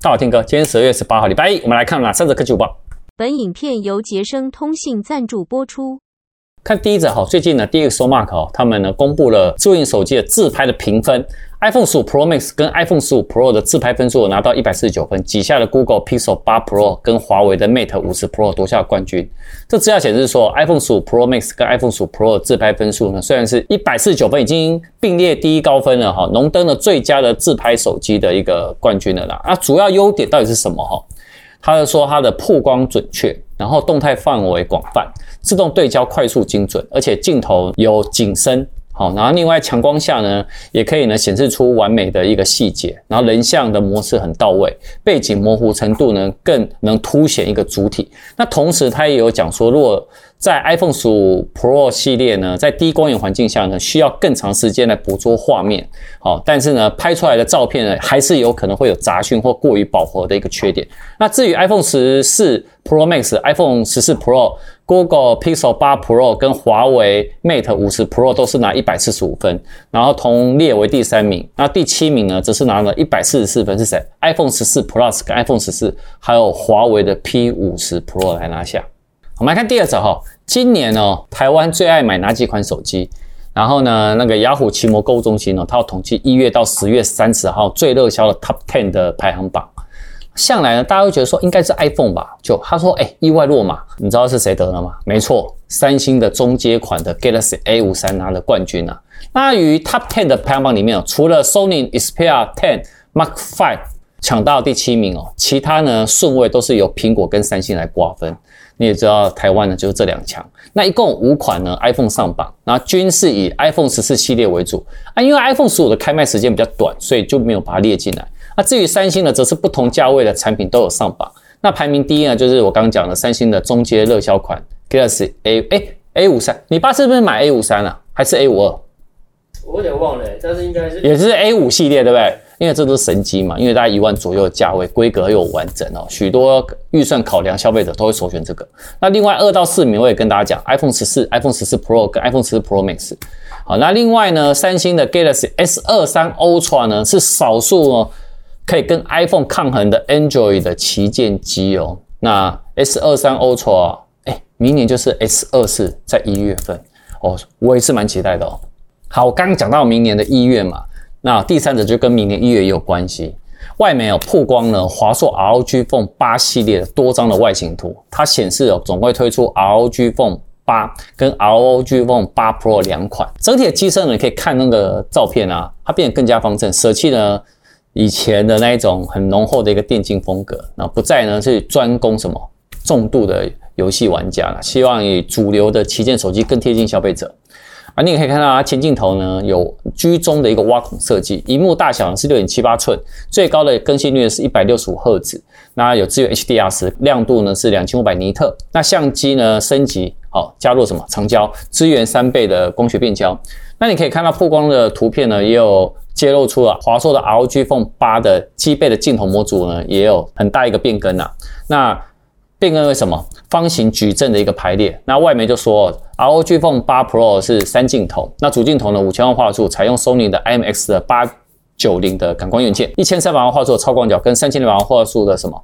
大家好，Tim 哥，今天十二月十八號，禮拜一，我們來看今天的科技午報。本影片由傑生通信贊助播出。看第一則哈，最近呢，第一個 DXOMARK 他們呢公布了智慧型手機的自拍的評分，iPhone 十五 Pro Max 跟 iPhone 十五 Pro 的自拍分數拿到一百四十九分，擠下的 Google Pixel 八 Pro 跟華為的 Mate 五十 Pro 奪下冠軍。這資料顯示說，iPhone 十五 Pro Max 跟 iPhone 十五 Pro 的自拍分數呢，雖然是一百四十九分，已經並列第一高分了哈，榮登了最佳的自拍手機的一個冠軍了啦。啊，主要優點到底是什麼哈？它是說它的曝光準確。然後動態範圍廣泛，自動對焦快速精準，而且鏡頭有景深。好，然後另外強光下呢，也可以呢顯示出完美的一個細節。然後人像的模式很到位，背景模糊程度呢更能凸顯一個主體。那同時他也有講說，如果在 iPhone 15 Pro 系列呢，在低光源環境下呢，需要更長時間來捕捉畫面。好、哦，但是呢，拍出來的照片呢，還是有可能會有雜訊或過於飽和的一個缺點。那至於 14, Max, iPhone 14 Pro Max、iPhone 14 Pro、Google Pixel 8 Pro 跟華為 Mate 50 Pro 都是拿一百四十五分，然後同列為第三名。那第七名呢，則是拿了一百四十四分，是誰？iPhone 14 Plus、跟 iPhone 14，還有華為的 P 50 Pro 來拿下。我們來看第二組哈，今年哦、喔，台灣最愛買哪幾款手機？然後呢，那個雅虎奇摩購物中心呢、喔，它要統計一月到十月三十號最熱銷的 Top Ten 的排行榜。向來呢，大家會覺得說應該是 iPhone 吧，就他說，誒、欸、意外落馬，你知道是誰得了嗎？沒錯，三星的中階款的 Galaxy A 五三拿了冠軍呢、啊。那於 Top Ten 的排行榜裡面哦，除了 Sony Xperia 10 Mark 5搶到第七名哦，其他呢順位都是由蘋果跟三星來瓜分。你也知道，台灣呢就是這兩強，那一共五款呢，iPhone 上榜，然後均是以 iPhone 十四系列為主啊，因為 iPhone 十五的開賣時間比較短，所以就沒有把它列進來。那、啊、至於三星呢，則是不同價位的產品都有上榜。那排名第一呢，就是我剛剛講的三星的中階熱銷款 Galaxy、就是、A，哎、欸、A 五三，你爸是不是買 A 五三了，還是 A 五二？我有點忘了、欸，但是應該是也是 A 五系列，對不對？因為這都是神機嘛，因為大概一萬左右的價位，規格又完整哦，許多預算考量消費者都會首選這個。那另外二到四名我也跟大家講，iPhone 十四、iPhone 十四 Pro 跟 iPhone 十四 Pro Max。好，那另外呢，三星的 Galaxy S 二三 Ultra 呢是少數哦可以跟 iPhone 抗衡的 Android 的旗艦機哦。那 S 二三 Ultra，哎，明年就是 S 二四在一月份哦，我也是蠻期待的哦。好，我剛剛講到明年的一月嘛。那第三者就跟明年一月也有關係。外面有曝光了華碩 ROG Phone 八系列的多張的外形圖，它顯示哦總會推出 ROG Phone 八跟 ROG Phone 八 Pro 兩款。整體的機身呢，你可以看那個照片啊，它變得更加方正，捨棄了以前的那一種很濃厚的一個電競風格。那不再呢是專攻什麼重度的遊戲玩家了，希望以主流的旗艦手機更貼近消費者。那你可以看到它前鏡頭呢有居中的一個挖孔設計，熒幕大小是六點七八寸，最高的更新率是一百六十五赫茲，那有支援 HDR10，亮度呢是兩千五百尼特。那相機呢升級，好、哦、加入什麼長焦，支援三倍的光學變焦。那你可以看到曝光的圖片呢，也有揭露出了華碩的 ROG Phone 八的機背的鏡頭模組呢，也有很大一個變更吶、啊，那變更為什麼？方形矩陣的一個排列，那外媒就說 ROG Phone 8 Pro 是三鏡頭，那主鏡頭呢五千萬畫素，採用 Sony 的 IMX 的八九零的感光元件，一千三百萬畫素的超廣角跟三千六百萬畫素的什麼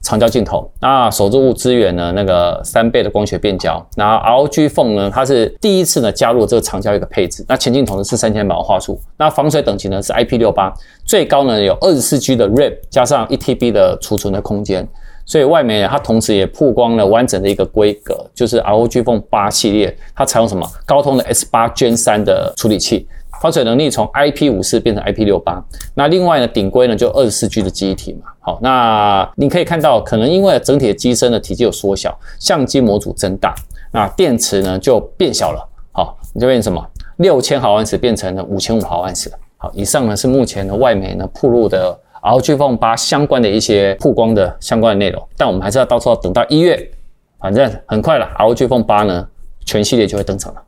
長焦鏡頭，那手作物資源呢那個三倍的光學變焦，那 ROG Phone 呢它是第一次呢加入這個長焦一個配置，那前鏡頭呢是三千萬畫素，那防水等級呢是 IP68，最高呢有二十四 G 的 RAM 加上一 TB 的儲存的空間。所以外媒呢它同時也曝光了完整的一個規格，就是 ROG Phone 八系列，它採用什麼高通的 S 八 Gen 三的處理器，防水能力從 IP 五四變成 IP 六八。那另外呢，頂規呢就二十四 G 的記憶體嘛。好，那你可以看到，可能因為整體的機身的體積有縮小，相機模組增大，那電池呢就變小了。好，你就變什麼？六千毫安時變成了五千五百毫安時。好，以上呢是目前的外媒呢披露的。ROG Phone 8相關的一些曝光的相關的內容，但我們還是要到時候等到一月，反正很快了。ROG Phone 8呢，全系列就會登場了。